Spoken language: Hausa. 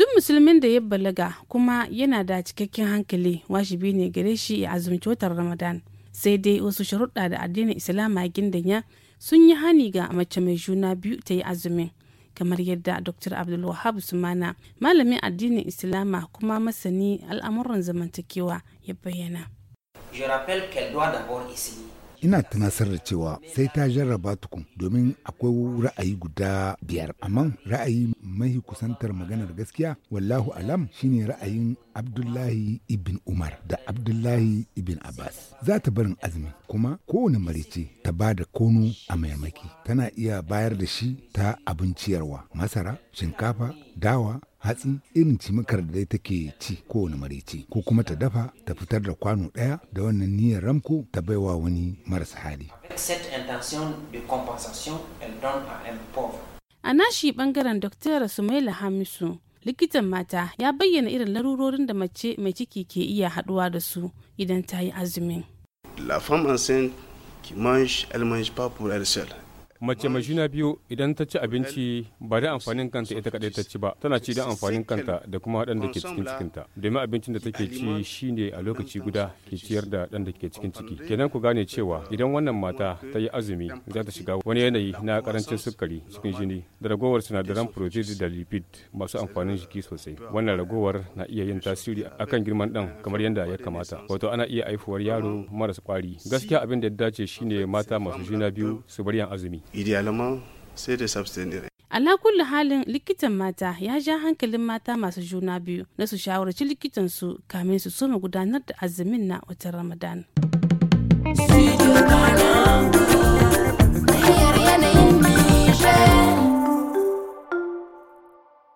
duk musulmin da ya balaga kuma yana da cikakken hankali wajibi ne gare shi ya azumci watan ramadan sai dai wasu sharuɗa da addinin islama gindanya sun yi hani ga mace mai juna biyu ta yi azumin kamar yadda dr abdulwahab sumana malamin addinin islama kuma masani al'amuran zamantakewa ya bayyana je rappelle qu'elle doit d'abord essayer ina tunasar da cewa sai ta jarraba tukun domin akwai ra'ayi guda biyar amma ra'ayi mahi kusantar maganar gaskiya wallahu alam shine ra'ayin abdullahi ibn umar da abdullahi ibn abbas za ta barin azumi kuma kowane marice ta ba da kono a maimaki tana iya bayar da shi ta abinciyarwa masara shinkafa dawa hatsi irin cimikar da take ci kowane marici ko kuma ta dafa ta fitar da kwano ɗaya da wannan niyyar ramko ta baiwa wani marasa hali. A nashi bangaren Dr. Sumaila Hamisu, likitan mata ya bayyana irin larurorin da mace mai ciki ke iya haɗuwa da su idan ta yi azumin. La femme enceinte qui mange, elle mange pas pour elle mace mai juna biyu idan ta ci abinci ba da amfanin kanta ita kaɗai ta ci ba tana ci don amfanin kanta da kuma ɗan da ke cikin cikinta domin abincin da take ci shine a lokaci guda ke ciyar da ɗan da ke cikin ciki kenan ku gane cewa idan wannan mata ta yi azumi za ta shiga wani yanayi na karancin sukari cikin jini da ragowar sinadaran protein da lipid masu amfanin jiki sosai wannan ragowar na iya yin tasiri akan girman ɗan kamar yadda ya kamata wato ana iya haifuwar yaro marasa kwari gaskiya abin da ya dace shine mata masu juna biyu su bar yan azumi idéalement sai da s'abstenir ala kulli halin likitan mata ya ja hankalin mata masu juna biyu na su shawarci likitansu kamin su soma gudanar da azumin na watan ramadan.